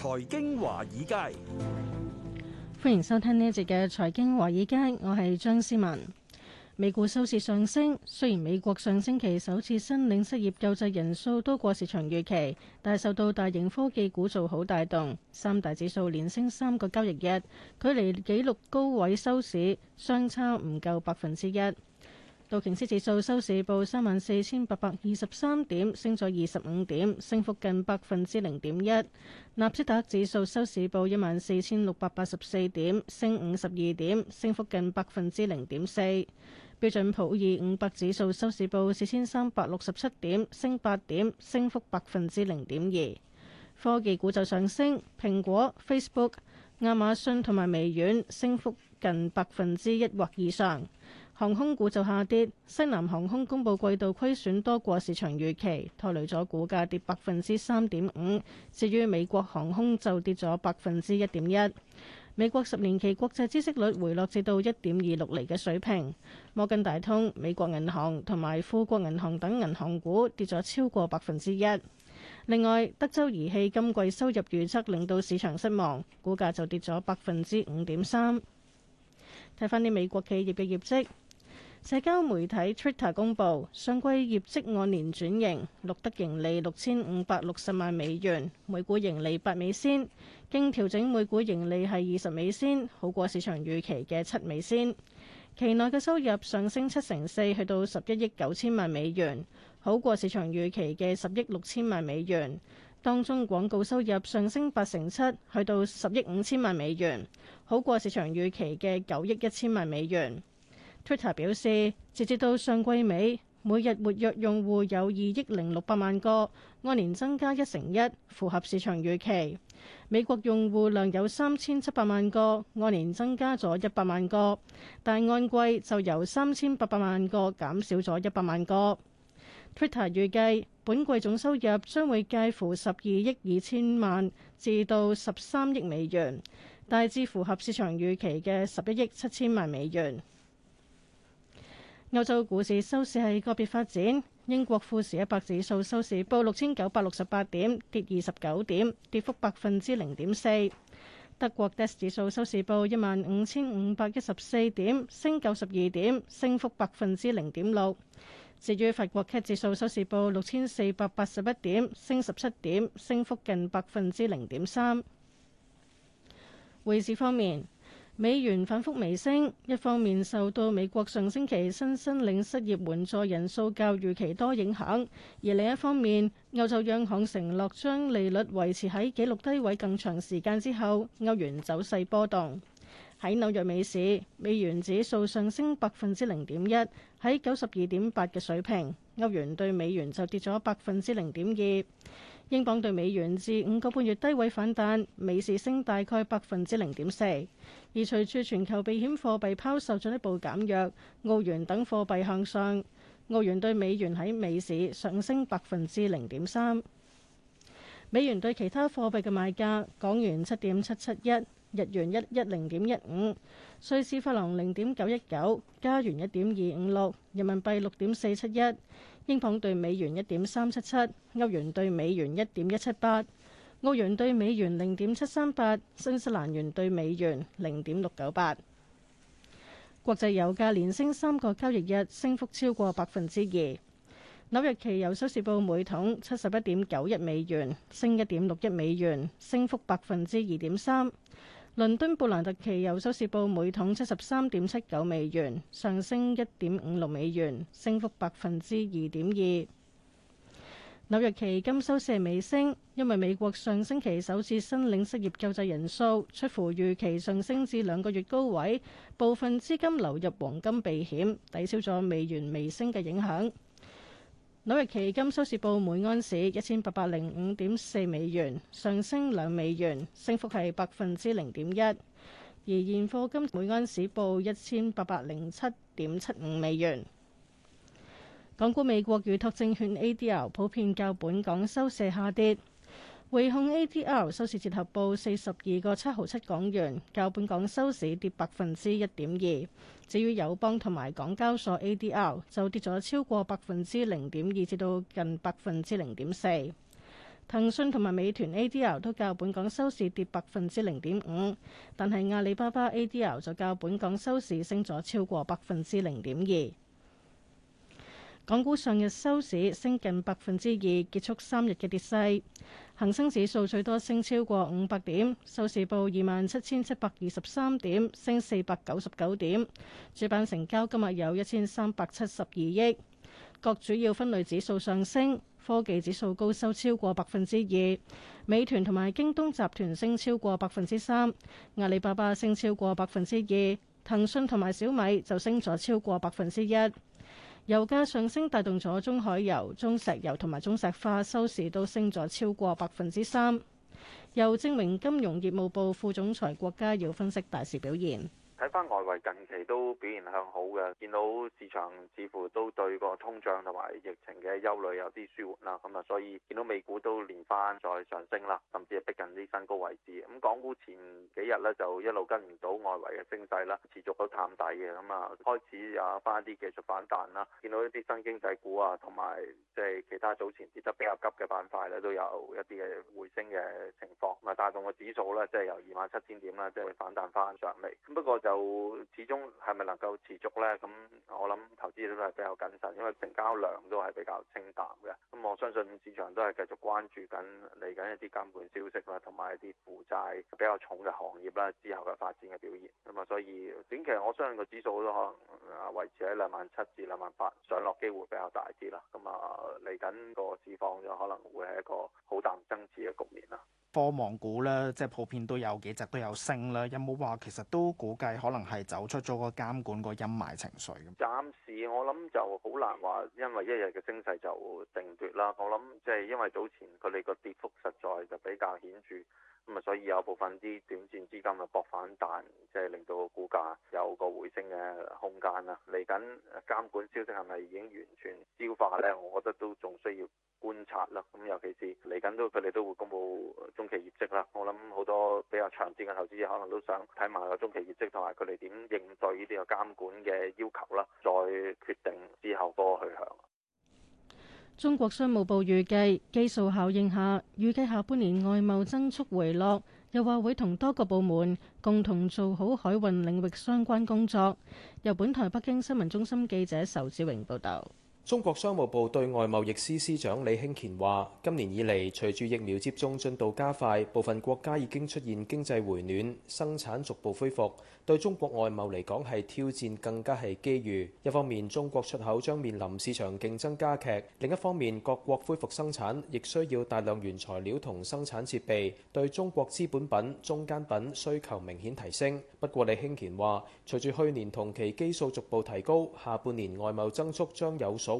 財經華爾街，歡迎收聽呢一節嘅財經華爾街，我係張思文。美股收市上升，雖然美國上星期首次申領失業救濟人數多過市場預期，但受到大型科技股造好帶動，三大指數連升三個交易日，距離紀錄高位收市相差唔夠百分之一。道瓊斯指數收市報三萬四千八百二十三點，升咗二十五點，升幅近百分之零點一。納斯達克指數收市報一萬四千六百八十四點，升五十二點，升幅近百分之零點四。標準普爾五百指數收市報四千三百六十七點，升八點，升幅百分之零點二。科技股就上升，蘋果、Facebook、亞馬遜同埋微軟升幅 近百分之一或以上，航空股就下跌。西南航空公布季度虧損多過市場預期，拖累咗股價跌百分之三點五。至於美國航空就跌咗百分之一點一。美國十年期國際知識率回落至到一點二六厘嘅水平。摩根大通、美國銀行同埋富國銀行等銀行股跌咗超過百分之一。另外，德州儀器今季收入預測令到市場失望，股價就跌咗百分之五點三。睇翻啲美國企業嘅業績，社交媒體 Twitter 公佈，上季業績按年轉型，錄得盈利六千五百六十萬美元，每股盈利八美仙，經調整每股盈利係二十美仙，好過市場預期嘅七美仙。期內嘅收入上升七成四，去到十一億九千萬美元，好過市場預期嘅十億六千萬美元。當中廣告收入上升八成七，去到十億五千萬美元，好過市場預期嘅九億一千萬美元。Twitter 表示，截至到上季尾，每日活躍用戶有二億零六百萬個，按年增加一成一，符合市場預期。美國用戶量有三千七百萬個，按年增加咗一百萬個，但按季就由三千八百萬個減少咗一百萬個。Twitter 預計本季總收入將會介乎十二億二千萬至到十三億美元，大致符合市場預期嘅十一億七千萬美元。歐洲股市收市係個別發展，英國富時一百指數收市報六千九百六十八點，跌二十九點，跌幅百分之零點四。德國 DAX 指數收市報一萬五千五百一十四點，升九十二點，升幅百分之零點六。至於法國 CAC 指數收市報六千四百八十一點，升十七點，升幅近百分之零點三。匯市方面，美元反覆微升，一方面受到美國上星期新申領失業援助人數較預期多影響，而另一方面，歐洲央行承諾將利率維持喺紀錄低位更長時間之後，歐元走勢波動。喺紐約美市，美元指數上升百分之零點一，喺九十二點八嘅水平。歐元對美元就跌咗百分之零點二，英鎊對美元至五個半月低位反彈，美市升大概百分之零點四。而隨住全球避險貨幣拋售進一步減弱，澳元等貨幣向上，澳元對美元喺美市上升百分之零點三。美元對其他貨幣嘅賣價：港元七點七七一，日元一一零點一五，瑞士法郎零點九一九，加元一點二五六，人民幣六點四七一，英鎊對美元一點三七七，歐元對美元一點一七八，澳元對美元零點七三八，新西蘭元對美元零點六九八。國際油價連升三個交易日，升幅超過百分之二。紐約期油收市報每桶七十一點九一美元，升一點六一美元，升幅百分之二點三。倫敦布蘭特期油收市報每桶七十三點七九美元，上升一點五六美元，升幅百分之二點二。紐約期金收市微升，因為美國上星期首次申領失業救濟人數出乎預期上升至兩個月高位，部分資金流入黃金避險，抵消咗美元微升嘅影響。紐約期金收市報每安士一千八百零五點四美元，上升兩美元，升幅係百分之零點一；而現貨金每安士報一千八百零七點七五美元。港股美國預託證券 A D L 普遍較本港收市下跌。匯控 ADR 收市折合報四十二個七毫七港元，較本港收市跌百分之一點二。至於友邦同埋港交所 ADR 就跌咗超過百分之零點二，至到近百分之零點四。騰訊同埋美團 ADR 都較本港收市跌百分之零點五，但係阿里巴巴 ADR 就較本港收市升咗超過百分之零點二。港股上日收市升近百分之二，結束三日嘅跌勢。恒生指數最多升超過五百點，收市報二萬七千七百二十三點，升四百九十九點。主板成交今日有一千三百七十二億。各主要分類指數上升，科技指數高收超過百分之二。美團同埋京東集團升超過百分之三，阿里巴巴升超過百分之二，騰訊同埋小米就升咗超過百分之一。油價上升帶動咗中海油、中石油同埋中石化收市都升咗超過百分之三。又證明金融業務部副總裁郭家耀，分析大市表現。翻外圍近期都表現向好嘅，見到市場似乎都對個通脹同埋疫情嘅憂慮有啲舒緩啦，咁啊，所以見到美股都連翻再上升啦，甚至係逼近啲新高位置。咁港股前幾日咧就一路跟唔到外圍嘅升勢啦，持續都探底嘅，咁啊開始有翻啲技術反彈啦，見到一啲新經濟股啊，同埋即係其他早前跌得比較急嘅板塊咧，都有一啲嘅回升嘅情況，咁啊帶動個指數咧，即係由二萬七千點啦，即係反彈翻上嚟。不過就始終係咪能夠持續呢？咁我諗投資都係比較謹慎，因為成交量都係比較清淡嘅。咁我相信市場都係繼續關注緊嚟緊一啲監管消息啦，同埋一啲負債比較重嘅行業啦之後嘅發展嘅表現。咁啊，所以短期我相信個指數都可能維持喺兩萬七至兩萬八上落機會比較大啲啦。咁啊，嚟緊個市況就可能會係一個好淡爭持嘅局面啦。科網股咧，即係普遍都有幾隻都有升啦。有冇話其實都估計可能係走出咗個監管個陰霾情緒咁？暫時我諗就好難話，因為一日嘅升勢就定奪啦。我諗即係因為早前佢哋個跌幅實在就比較顯著。咁啊，所以有部分啲短線資金啊博反彈，即係令到個股價有個回升嘅空間啦。嚟緊監管消息係咪已經完全消化咧？我覺得都仲需要觀察啦。咁尤其是嚟緊都佢哋都會公布中期業績啦。我諗好多比較長線嘅投資者可能都想睇埋個中期業績同埋佢哋點應對呢啲嘅監管嘅要求啦，再決定。中國商務部預計，基數效應下，預計下半年外貿增速回落，又話會同多個部門共同做好海運領域相關工作。由本台北京新聞中心記者仇志榮報道。中國商務部對外貿易司司長李興乾話：今年以嚟，隨住疫苗接種進度加快，部分國家已經出現經濟回暖、生產逐步恢復。對中國外貿嚟講，係挑戰更加係機遇。一方面，中國出口將面臨市場競爭加劇；另一方面，各國恢復生產亦需要大量原材料同生產設備，對中國資本品、中間品需求明顯提升。不過李，李興乾話：隨住去年同期基數逐步提高，下半年外貿增速將有所。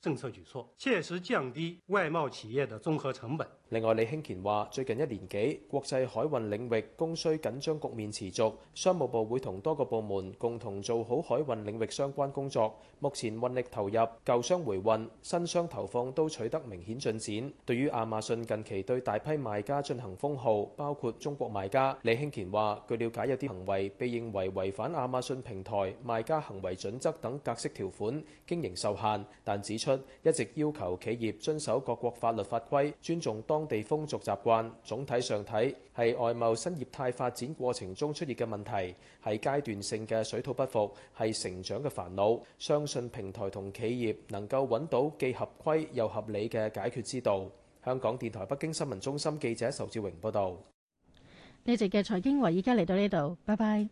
政策舉措，切實降低外貿企業的綜合成本。另外，李興乾話：最近一年幾，國際海運領域供需緊張局面持續，商務部會同多個部門共同做好海運領域相關工作。目前運力投入、舊箱回運、新箱投放都取得明顯進展。對於亞馬遜近期對大批賣家進行封號，包括中國賣家，李興乾話：據瞭解，有啲行為被認為違反亞馬遜平台賣家行為準則等格式條款，經營受限，但指出。一直要求企業遵守各國法律法規，尊重當地風俗習慣。總體上睇，係外貿新業態發展過程中出現嘅問題，係階段性嘅水土不服，係成長嘅煩惱。相信平台同企業能夠揾到既合規又合理嘅解決之道。香港電台北京新聞中心記者仇志榮報道。呢集嘅財經華爾街而家嚟到呢度，拜拜。